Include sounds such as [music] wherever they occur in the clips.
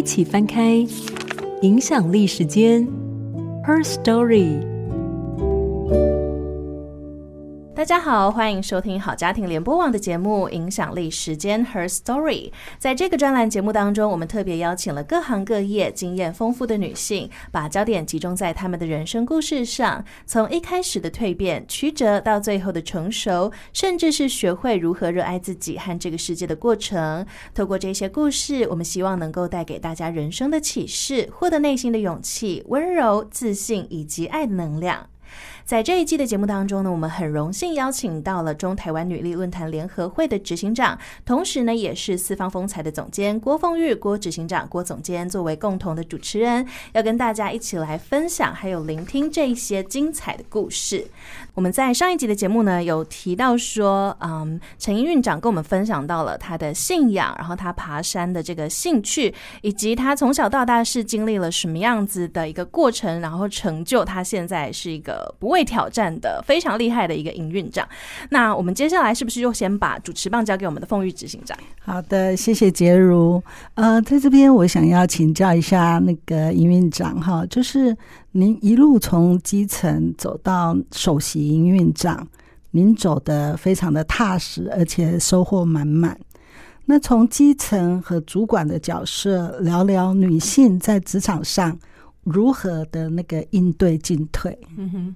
一起翻開《影響力時間》Her Story。大家好，歡迎收聽好家庭聯播網的節目《影響力時間 Her Story》。在這個專欄節目當中，我們特別邀請了各行各業經驗豐富的女性，把焦點集中在她們的人生故事上。從一開始的蛻變、曲折，到最後的成熟，甚至是學會如何熱愛自己和這個世界的過程。透過這些故事，我們希望能夠帶給大家人生的啟示，獲得內心的勇氣、溫柔、自信以及愛的能量。在這一季的節目當中呢，我們很榮幸邀請到了中台灣女力論壇聯合會的執行長，同時呢也是四方風采的總監郭鳳玉，郭執行長郭總監作為共同的主持人，要跟大家一起來分享，還有聆聽這一些精彩的故事。我們在上一集的節目呢，有提到說，嗯，陳營運長跟我們分享到了他的信仰，然後他爬山的這個興趣，以及他從小到大是經歷了什麼樣子的一個過程，然後成就他現在是一個不未挑戰的非常厲害的一個營運長，那我們接下來是不是就先把主持棒交給我們的鳳玉執行長？好的，謝謝珏如。呃，在這邊我想要請教一下那個營運長哈，就是您一路從基層走到首席營運長，您走得非常的踏實，而且收穫滿滿。那從基層和主管的角色聊聊女性在職場上如何的那個應對進退？嗯哼。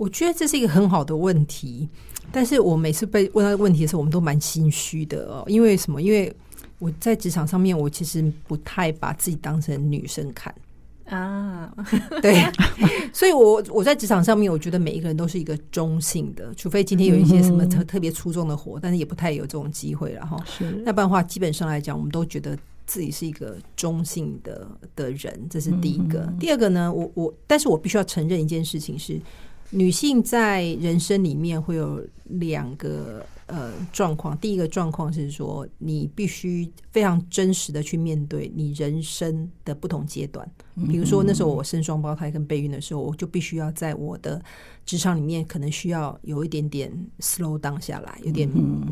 我覺得這是一個很好的問題，但是我每次被問到問題的時候，我們都蠻心虛的哦。因為什麼？因為我在職場上面，我其實不太把自己當成女生看啊。 [laughs] 對，所以我我在職場上面，我覺得每一個人都是一個中性的，除非今天有一些什麼特特別出眾的活，嗯、哼但是也不太有這種機會了哈。是的，那不然的話，基本上來講，我們都覺得自己是一個中性的的人，這是第一個。嗯、哼第二個呢，我我，但是我必須要承認一件事情是。女性在人生裡面會有兩個呃狀況，第一個狀況是說，你必須非常真實的去面對你人生的不同階段。嗯、哼比如說那時候我生雙胞胎跟備孕的時候，我就必須要在我的職場裡面可能需要有一點點 slow down 下來，有點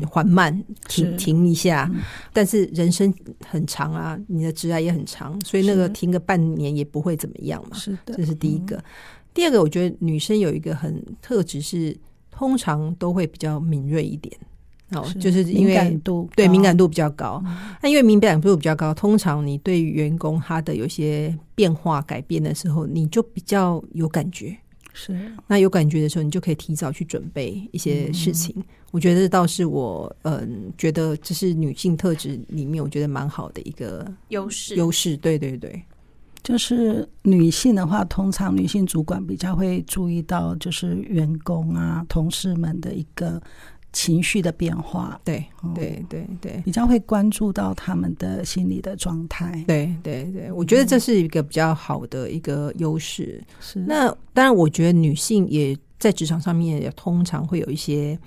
緩慢停，嗯、停一下。嗯、哼但是人生很長啊，你的職涯也很長，所以那個停個半年也不會怎麼樣嘛。是的，這是第一個。第二個，我覺得女生有一個很特質是，通常都會比較敏銳一點，是哦，就是因為敏感度對敏感度比較高。那、嗯、因為敏感度比較高，通常你對員工他的有些變化改變的時候，你就比較有感覺。是，那有感覺的時候，你就可以提早去準備一些事情。嗯、我覺得倒是我，嗯、呃，覺得這是女性特質裡面，我覺得蠻好的一個優勢。優勢、嗯，對對對。就是女性的話，通常女性主管比較會注意到，就是員工啊、同事們的一個情緒的變化，對對對對、嗯，比較會關注到他們的心理的狀態，對對對，我覺得這是一個比較好的一個優勢。嗯、是那當然，我覺得女性也在職場上面也通常會有一些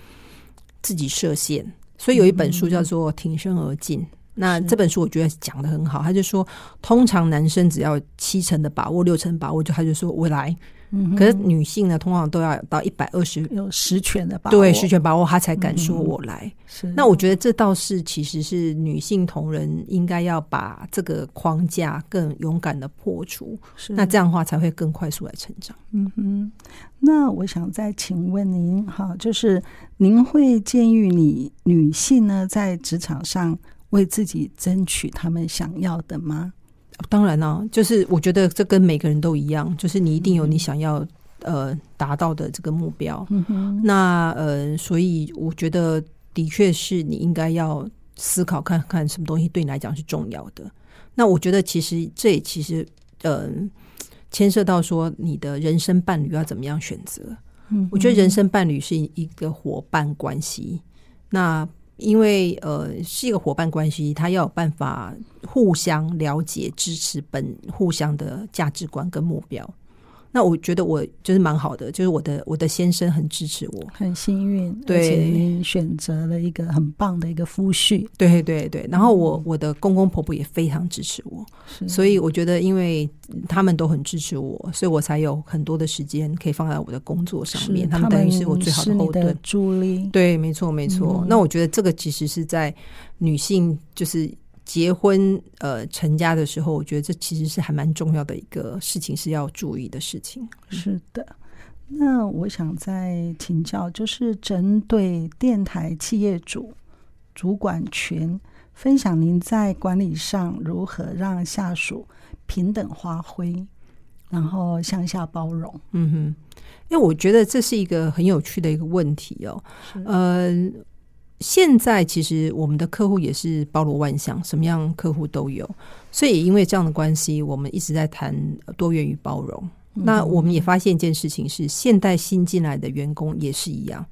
自己設限，所以有一本書叫做《挺身而進》。嗯嗯那這本書我覺得講得很好，他是就說，通常男生只要七成的把握，六成的把握，就他就說我來。嗯、哼可是女性呢，通常都要到一百二十有十全的把握，對十全把握，他才敢說我來。嗯、是，那我覺得這倒是其實是女性同仁應該要把這個框架更勇敢的破除，是那這樣的話才會更快速來成長。嗯哼，那我想再請問您，哈，就是您會建議你女性呢在職場上？為自己爭取他們想要的嗎？哦、當然了、啊，就是我覺得這跟每個人都一樣，就是你一定有你想要、嗯哼，呃達到的這個目標。嗯哼。那呃，所以我覺得的確是你應該要思考看看什麼東西對你來講是重要的。那我覺得其實這也其實呃，牽涉到說你的人生伴侶要怎麼樣選擇。嗯哼，我覺得人生伴侶是一個夥伴關係。那因為呃是一個夥伴關係，他要有辦法互相了解、支持本互相的價值觀跟目標。那我覺得我就是蠻好的，就是我的我的先生很支持我，很幸運，對，選擇了一個很棒的一個夫婿，對對對。然後我、嗯、我的公公婆婆也非常支持我，是所以我覺得因為他們都很支持我，所以我才有很多的時間可以放在我的工作上面。是他們等於是我最好的後盾、助力。對，沒錯沒錯。嗯、那我覺得這個其實是在女性就是。結婚呃，成家的時候，我覺得這其實是還蠻重要的一個事情，是要注意的事情。是的，那我想再請教，就是針對電台企業主主管群，分享您在管理上如何讓下屬平等發揮，然後向下包容。嗯哼，因為我覺得這是一個很有趣的一個問題哦。嗯是。呃現在其實我們的客戶也是包羅萬象，什麼樣客戶都有，所以因為這樣的關係，我們一直在談多元與包容。那我們也發現一件事情是，現代新進來的員工也是一樣。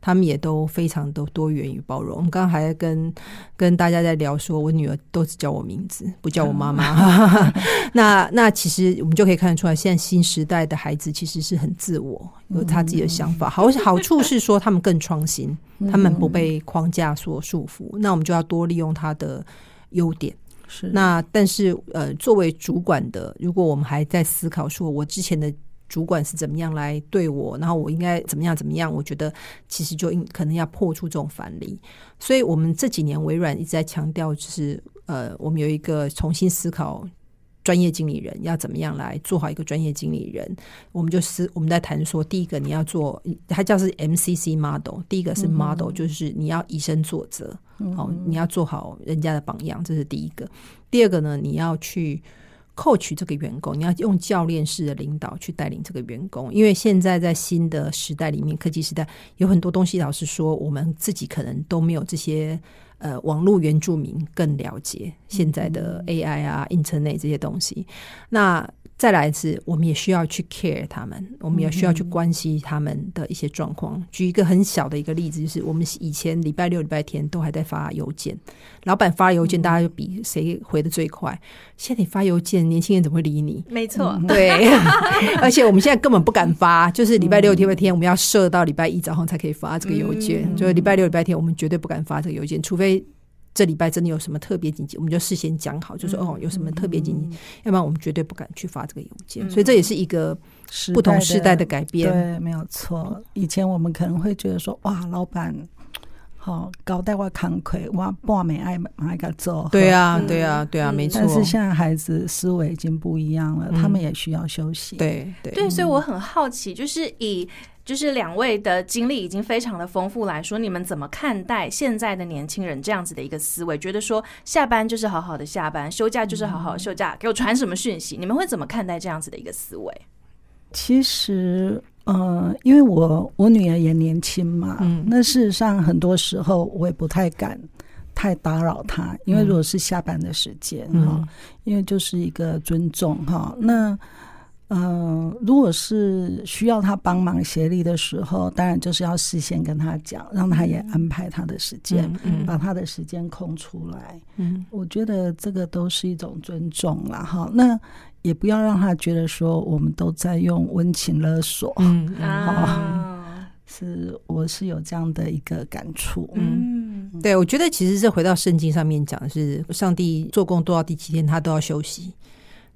他們也都非常的多元與包容。我們剛剛還在跟跟大家在聊說，說我女兒都只叫我名字，不叫我媽媽。 [laughs] [laughs] 那那其實我們就可以看得出來，現在新時代的孩子其實是很自我，有他自己的想法。好，好處是說他們更創新， [laughs] 他們不被框架所束縛。那我們就要多利用他的優點。是，的是。那但是呃，作為主管的，如果我們還在思考，說我之前的。主管是怎麼樣來對我，然後我應該怎麼樣怎麼樣？我覺得其實就應可能要破除這種反例。所以我們這幾年微軟一直在強調，就是呃，我們有一個重新思考專業經理人要怎麼樣來做好一個專業經理人。我們就思、是、我們在談說，第一個你要做，它叫是 MCC model，第一個是 model，、嗯、哼就是你要以身作則，好、嗯哼哦，你要做好人家的榜樣，這是第一個。第二個呢，你要去。Coach 這個員工，你要用教練式的領導去帶領這個員工，因為現在在新的時代裡面，科技時代有很多東西，老實說，我們自己可能都沒有這些呃網絡原住民更了解現在的 AI 啊、嗯、Internet 這些東西。那再來一次，我們也需要去 care 他們，我們也需要去關心他們的一些狀況。嗯、哼舉一個很小的一個例子，就是我們以前禮拜六、禮拜天都還在發郵件，老闆發郵件，大家就比誰回得最快。現在你發郵件，年輕人怎麼會理你？沒錯錯、嗯，對。 [laughs] 而且我們現在根本不敢發，就是禮拜六、禮拜天我們要設到禮拜一早上才可以發這個郵件。嗯、哼就禮拜六、禮拜天我們絕對不敢發這個郵件，除非。這禮拜真的有什麼特別緊急，我們就事先講好，就是、說哦，有什麼特別緊急，要不然我們絕對不敢去發這個郵件。嗯、所以這也是一個不同時代的改變。對，沒有錯。以前我們可能會覺得說，哇，老闆、哦、搞得好高大我慷慨，哇，不美沒愛馬一個做。對啊，嗯、對啊，對啊，沒錯。但是現在孩子思維已經不一樣了，嗯、他們也需要休息。對對對，所以我很好奇，嗯、就是以。就是兩位的經歷已經非常的豐富來說，你們怎麼看待現在的年輕人這樣子的一個思維？覺得說下班就是好好的下班，休假就是好好的休假，嗯、給我傳什麼訊息？你們會怎麼看待這樣子的一個思維？其實，嗯、呃，因為我我女兒也年輕嘛，嗯、那事實上很多時候我也不太敢太打擾她，因為如果是下班的時間哈，嗯嗯、因為就是一個尊重哈，那。嗯、呃，如果是需要他幫忙協力的時候，當然就是要事先跟他講，讓他也安排他的時間，嗯嗯、把他的時間空出來。嗯，我覺得這個都是一種尊重啦哈。那也不要讓他覺得說我們都在用溫情勒索。嗯，嗯，好嗯是，我是有這樣的一個感觸。嗯，對我覺得其實這回到聖經上面講，是上帝做工多少第幾天，他都要休息。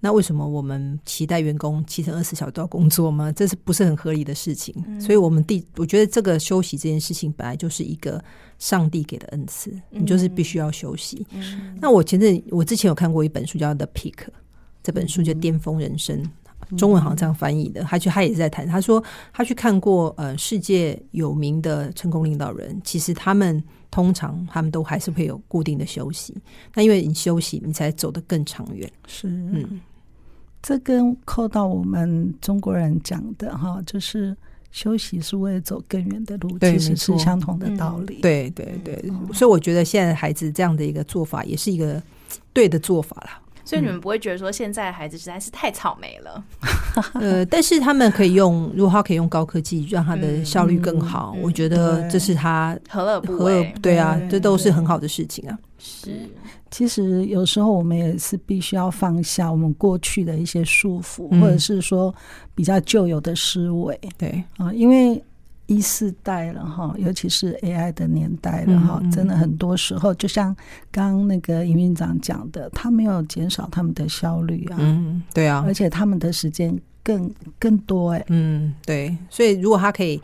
那為什麼我們期待員工七乘二十四小時都要工作嗎？這是不是很合理的事情？嗯、所以，我們第，我覺得這個休息這件事情，本來就是一個上帝給的恩賜，嗯、你就是必須要休息。嗯、那我前陣我之前有看過一本書，叫《The Peak》，這本書叫《巔峰人生》嗯，中文好像這樣翻譯的。他去他也在談，他說他去看過呃，世界有名的成功領導人，其實他們通常他們都還是會有固定的休息。那因為你休息，你才走得更長遠。是的嗯。這跟扣到我們中國人講的哈，就是休息是為了走更遠的路，對其實是相同的道理。對對、嗯、對，對對嗯、所以我覺得現在孩子這樣的一個做法，也是一個對的做法了。所以你們不會覺得說現在孩子實在是太草莓了？嗯，呃，但是他們可以用，如果他可以用高科技，讓他的效率更好，嗯嗯嗯、我覺得這是他何樂對不為，而對，對啊，這都是很好的事情啊。對對對是，其實有時候我們也是必須要放下我們過去的一些束縛，嗯、或者是說比較舊有的思維，對啊、呃，因為。第四代了哈，尤其是 AI 的年代了哈，真的很多時候就像剛那個營運長講的，他沒有減少他們的效率啊，嗯，對啊，而且他們的時間更更多哎、欸，嗯，對，所以如果他可以。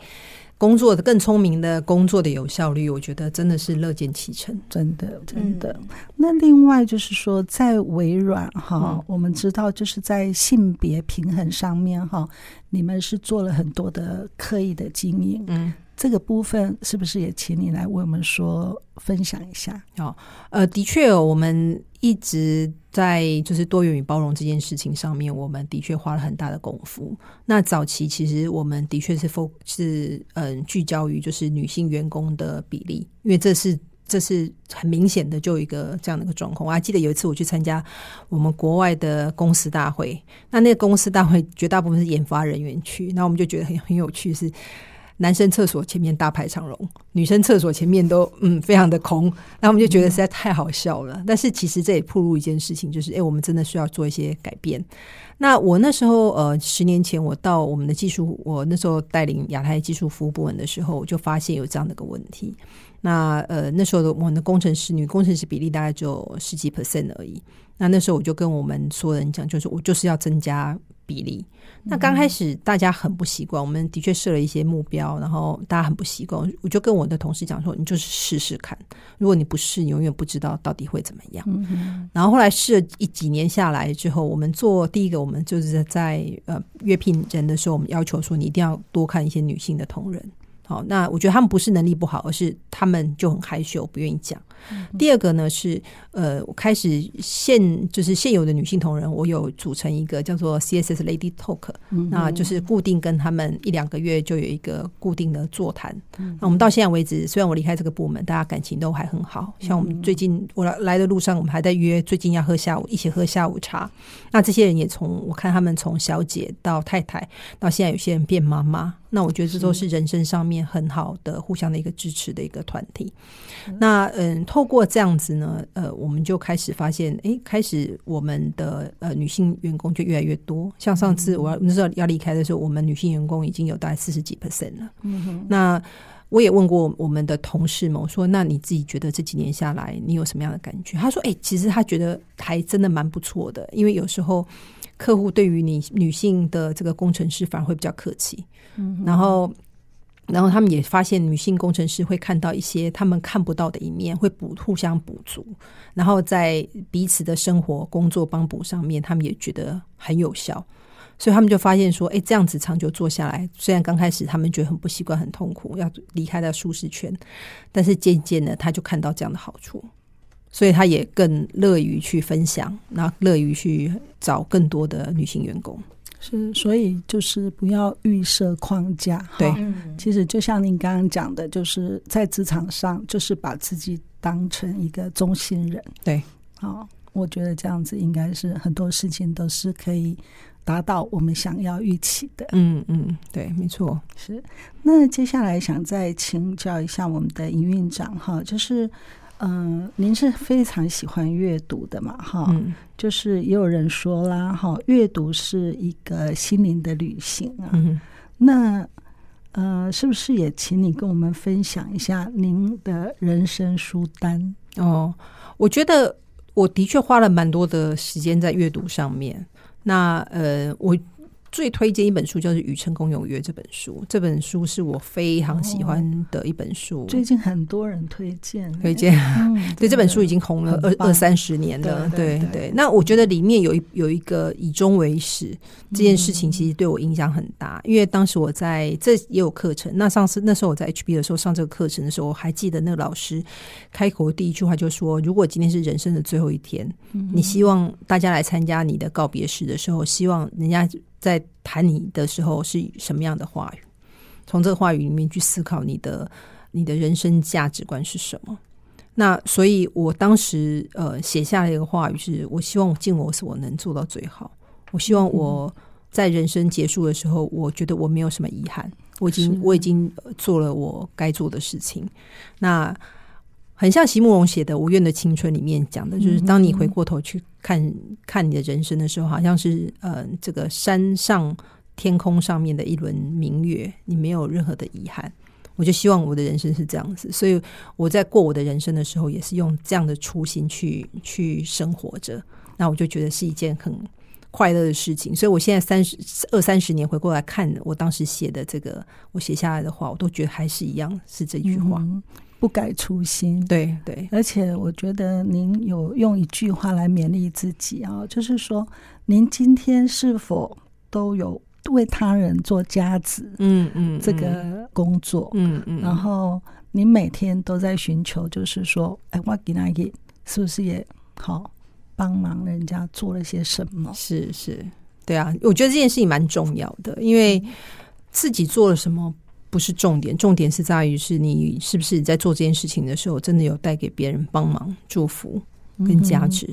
工作的更聰明的工作的有效率，我覺得真的是樂見其成，真的真的。真的嗯，那另外就是說，在微軟哈，嗯，我們知道就是在性別平衡上面哈，你們是做了很多的刻意的經營，嗯。這個部分是不是也請你來為我們說分享一下？哦，oh, 呃，的確哦，我們一直在就是多元與包容這件事情上面，我們的確花了很大的功夫。那早期其實我們的確是 focus，嗯，呃，聚焦於就是女性員工的比例，因為這是這是很明顯的就有一個這樣的一個狀況。我還記得有一次我去參加我們國外的公司大會，那那個公司大會絕大部分是研發人員去，那我們就覺得很很有趣是。男生廁所前面大排長龍，女生廁所前面都嗯非常的空，那我們就覺得實在太好笑了。嗯、但是其實這也暴露一件事情，就是哎，我們真的需要做一些改變。那我那時候呃十年前，我到我們的技術，我那時候帶領亞太技術服務部門的時候，我就發現有這樣的一個問題。那呃那時候的我們的工程師，女工程師比例大概就有十幾 percent 而已。那那時候我就跟我們所有人講，就是我就是要增加比例，那剛開始大家很不習慣，我們的確設了一些目標，然後大家很不習慣。我就跟我的同事講說：“你就是試試看，如果你不試，你永遠不知道到底會怎麼樣。”嗯哼。然後後來試了一幾年下來之後，我們做第一個，我們就是在呃約聘人的時候，我們要求說你一定要多看一些女性的同仁。好，那我覺得他們不是能力不好，而是他們就很害羞，不願意講。第二個呢，是呃，我開始現就是現有的女性同仁，我有組成一個叫做 CSS Lady Talk，嗯、哼那就是固定跟他們一兩個月就有一個固定的座談。嗯、哼那我們到現在為止，雖然我離開這個部門，大家感情都還很好。像我們最近我來來的路上，我們還在約最近要喝下午一起喝下午茶。那這些人也從我看他們從小姐到太太，到現在有些人變媽媽，那我覺得這都是人生上面很好的是互相的一個支持的一個團體。那嗯。透過這樣子呢，呃，我們就開始發現，欸，開始我們的呃女性員工就越來越多。像上次我要我知道要離開的時候，我們女性員工已經有大概四十幾 percent 了。嗯哼。那我也問過我們的同事嘛，我說，那你自己覺得這幾年下來你有什麼樣的感覺？他說，欸，其實他覺得還真的蠻不錯的，因為有時候客戶對於你女性的這個工程師反而會比較客氣。嗯哼。然後。然後他們也發現，女性工程師會看到一些他們看不到的一面，會補互相補足，然後在彼此的生活、工作幫補上面，他們也覺得很有效，所以他們就發現說：“哎，這樣子長久做下來，雖然剛開始他們覺得很不習慣、很痛苦，要離開的舒適圈，但是漸漸的他就看到這樣的好處，所以他也更樂於去分享，然後樂於去找更多的女性員工。”是，所以就是不要預設框架。對、嗯，其實就像您剛剛講的，就是在職場上，就是把自己當成一個中心人。對，好、哦，我覺得這樣子應該是很多事情都是可以達到我們想要預期的。嗯嗯，對，沒錯。是，那接下來想再請教一下我們的營運長哈、哦，就是。嗯、呃，您是非常喜歡閱讀的嘛？哈、哦，嗯、就是也有人說啦，哈、哦，閱讀是一個心靈的旅行啊。嗯、哼，那呃，是不是也請你跟我們分享一下您的人生書單？哦，我覺得我的確花了蠻多的時間在閱讀上面。那呃，我。最推薦一本書就是《與成功有約》這本書，這本書是我非常喜歡的一本書。哦、最近很多人推薦、欸，推薦薦、嗯，對，對這本書已經紅了二棒二,二三十年了。對對，對，對對，那我覺得裡面有一有一個以終為始這件事情，其實對我影響很大。嗯、因為當時我在這也有課程，那上次那時候我在 HP 的時候上這個課程的時候，我還記得那個老師開口第一句話就是說：“如果今天是人生的最後一天，嗯、哼你希望大家來參加你的告別式的時候，希望人家。”在談你的時候是什麼樣的話語？從這個話語裡面去思考你的你的人生價值觀是什麼？那所以我當時呃寫下來一個話語是，是我希望我盡我所能做到最好。我希望我在人生結束的時候，嗯、我覺得我沒有什麼遺憾。我已經的我已經做了我該做的事情。那。很像席慕蓉寫的《無怨的青春》裡面講的，就是當你回過頭去看看你的人生的時候，好像是呃這個山上天空上面的一輪明月，你沒有任何的遺憾。我就希望我的人生是這樣子，所以我在過我的人生的時候，也是用這樣的初心去去生活着。那我就覺得是一件很快樂的事情。所以我現在三十二三十年回過來看我當時寫的這個，我寫下來的話，我都覺得還是一樣是這句話。嗯不改初心，對對，對，而且我覺得您有用一句話來勉勵自己啊、哦，就是說，您今天是否都有為他人做加值？嗯嗯，這個工作，嗯嗯，嗯嗯然後你每天都在尋求，就是說，嗯嗯、哎，我給你，一是不是也好、哦、幫忙人家做了些什麼？是是，對啊，我覺得這件事情蠻重要的，嗯、因為自己做了什麼，不是重點，重點是在於，是你是不是在做這件事情的時候，真的有帶給別人幫忙、祝福跟加值、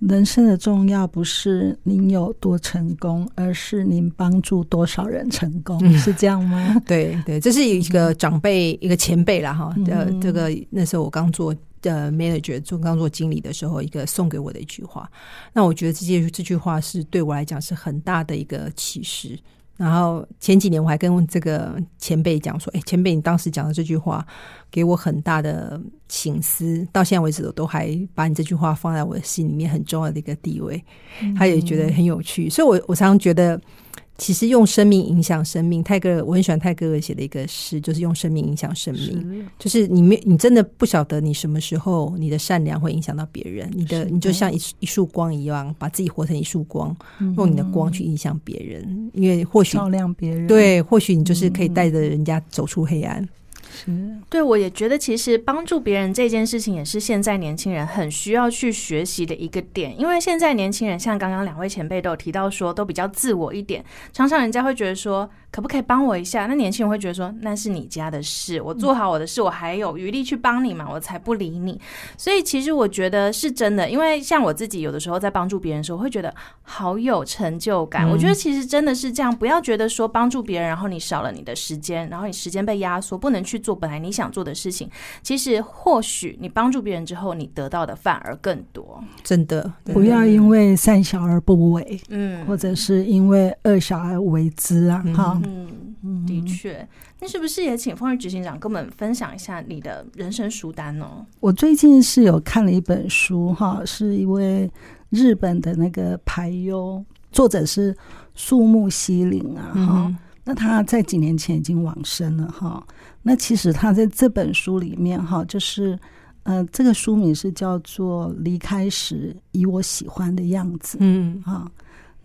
嗯。人生的重要不是您有多成功，而是您幫助多少人成功，嗯、是這樣嗎？對對，這是一個長輩、嗯、一個前輩啦。哈。呃、嗯哼，這個那時候我剛做的 manager，做剛做經理的時候，一個送給我的一句話。那我覺得這句這句話是對我來講是很大的一個啟示。然後前幾年我還跟這個前輩講說，哎，前輩，你當時講的這句話給我很大的醒思，到現在為止我都還把你這句話放在我的心裡面很重要的一個地位。嗯哼。他也覺得很有趣，所以我我常常覺得。其實用生命影響生命，泰戈爾，我很喜歡泰戈爾寫的一個詩，就是用生命影響生命，是就是，是你沒你真的不曉得你什麼時候你的善良會影響到別人，的你的你就像一一束光一樣，把自己活成一束光，用你的光去影響別人，嗯，因為或許照亮別人，對，或許你就是可以帶着人家走出黑暗。嗯嗯嗯，是對，我也覺得，其實幫助別人這件事情，也是現在年輕人很需要去學習的一個點。因為現在年輕人，像剛剛兩位前輩都有提到說，都比較自我一點，常常人家會覺得說。可不可以幫我一下？那年輕人會覺得說，那是你家的事，我做好我的事，我還有餘力去幫你嘛？我才不理你。所以其實我覺得是真的，因為像我自己有的時候在幫助別人的時候，會覺得好有成就感。嗯、我覺得其實真的是這樣，不要覺得說幫助別人，然後你少了你的時間，然後你時間被壓縮，不能去做本來你想做的事情。其實或許你幫助別人之後，你得到的反而更多。真的，真的不要因為善小而不為，嗯，或者是因為惡小而為之啊，嗯、好。嗯，的確，那是不是也請鳳玉執行長跟我們分享一下你的人生書單呢？哦？我最近是有看了一本書哈，是一位日本的那個俳優，作者是樹木希林啊哈。嗯、那他在幾年前已經往生了哈。那其實他在這本書裡面哈，就是呃，這個書名是叫做《離開時以我喜歡的樣子》。嗯，哈、嗯。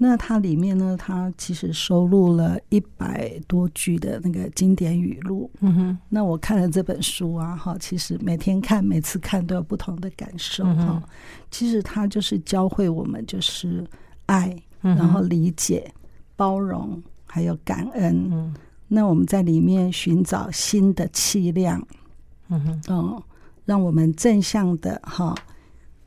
那它裡面呢？它其實收錄了一百多句的那個經典語錄。嗯哼。那我看了這本書啊，哈，其實每天看，每次看都有不同的感受哈。嗯、哼其實它就是教會我們，就是愛，嗯、哼然後理解、包容，還有感恩。嗯哼。那我們在裡面尋找新的氣量。嗯哼。哦、嗯，讓我們正向的哈，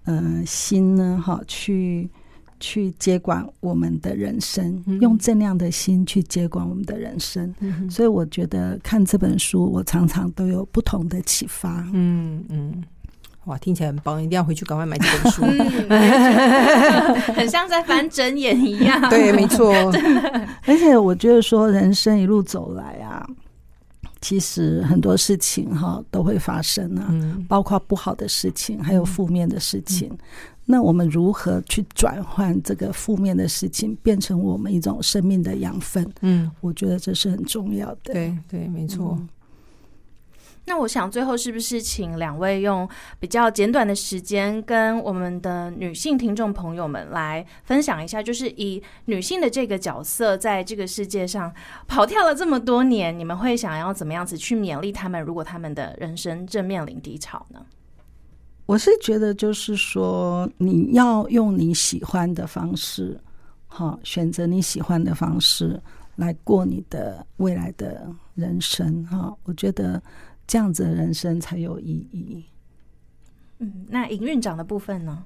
嗯、呃，心呢，哈，去。去接管我們的人生，用正量的心去接管我們的人生。嗯、哼所以我覺得看這本書，我常常都有不同的啟發。嗯嗯，哇，聽起來很棒，一定要回去趕快買幾本書。很像在翻整眼一樣。 [laughs] 對，沒錯。 [laughs] [laughs] 而且我覺得說人生一路走來啊，其實很多事情哈都會發生啊，嗯、包括不好的事情，還有負面的事情。嗯嗯那我們如何去轉換這個負面的事情，變成我們一種生命的養分？嗯，我覺得這是很重要的。對，對，沒錯。嗯，那我想最後是不是請兩位用比較簡短的時間，跟我們的女性聽眾朋友們來分享一下，就是以女性的這個角色，在這個世界上跑跳了這麼多年，你們會想要怎麼樣子去勉勵他們？如果他們的人生正面臨低潮呢？我是覺得，就是說，你要用你喜歡的方式，哈、哦，選擇你喜歡的方式來過你的未來的人生，哈、哦，我覺得這樣子的人生才有意義。嗯，那營運長的部分呢？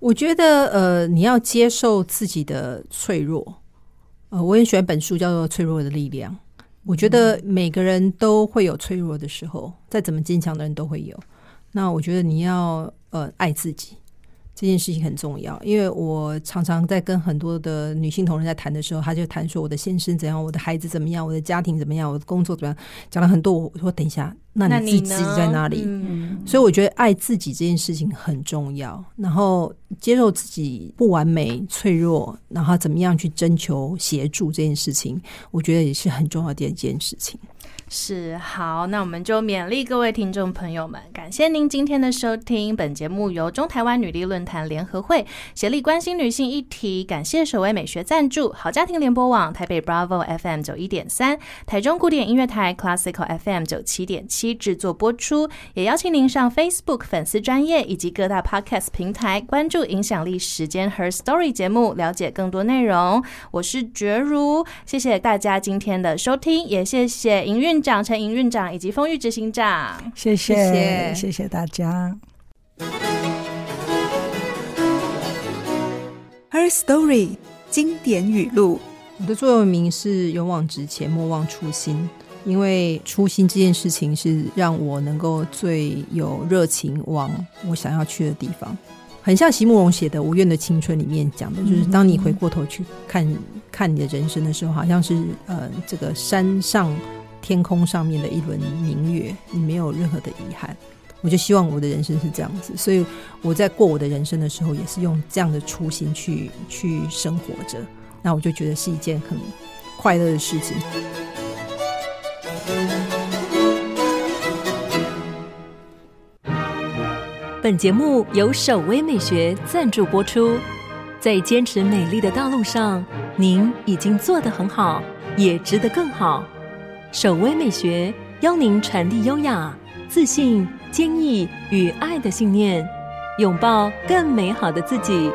我覺得，呃，你要接受自己的脆弱。呃，我也喜歡一本書，叫做《脆弱的力量》。我覺得每個人都會有脆弱的時候，再怎麼堅強的人都會有。那我覺得你要呃愛自己這件事情很重要，因為我常常在跟很多的女性同仁在談的時候，他就談說，我的先生怎樣，我的孩子怎麼樣，我的家庭怎麼樣，我的工作怎麼樣，講了很多。我說等一下，那你自己，自己在哪裡？那所以我覺得愛自己這件事情很重要，然後接受自己不完美、脆弱，然後怎麼樣去徵求協助這件事情，我覺得也是很重要的一件事情。是，好，那我們就勉勵各位聽眾朋友們，感謝您今天的收聽。本節目由中台灣女力論壇聯合會協力關心女性議題，感謝守葳美學贊助，好家庭聯播網台北 Bravo FM 九一點三，台中古典音樂台 Classical FM 九七點七制作播出，也邀請您上 Facebook 粉絲專業以及各大 Podcast 平台關注影響力時間 Her Story 節目，了解更多內容。我是珏如，謝謝大家今天的收聽，也謝謝營運。長陳營運長以及鳳玉執行長，謝謝謝謝大家。Her Story 經典語錄，我的座右銘是勇往直前，莫忘初心。因為初心這件事情是讓我能夠最有熱情往我想要去的地方。很像席慕蓉寫的《無怨的青春》裡面講的，就是當你回過頭去看看你的人生的時候，好像是呃這個山上。天空上面的一輪明月，你沒有任何的遺憾，我就希望我的人生是這樣子，所以我在過我的人生的時候，也是用這樣的初心去去生活着，那我就覺得是一件很快樂的事情。本節目由守葳美學贊助播出，在堅持美麗的道路上，您已經做得很好，也值得更好。守葳美學邀您傳遞優雅、自信、堅毅與愛的信念，擁抱更美好的自己。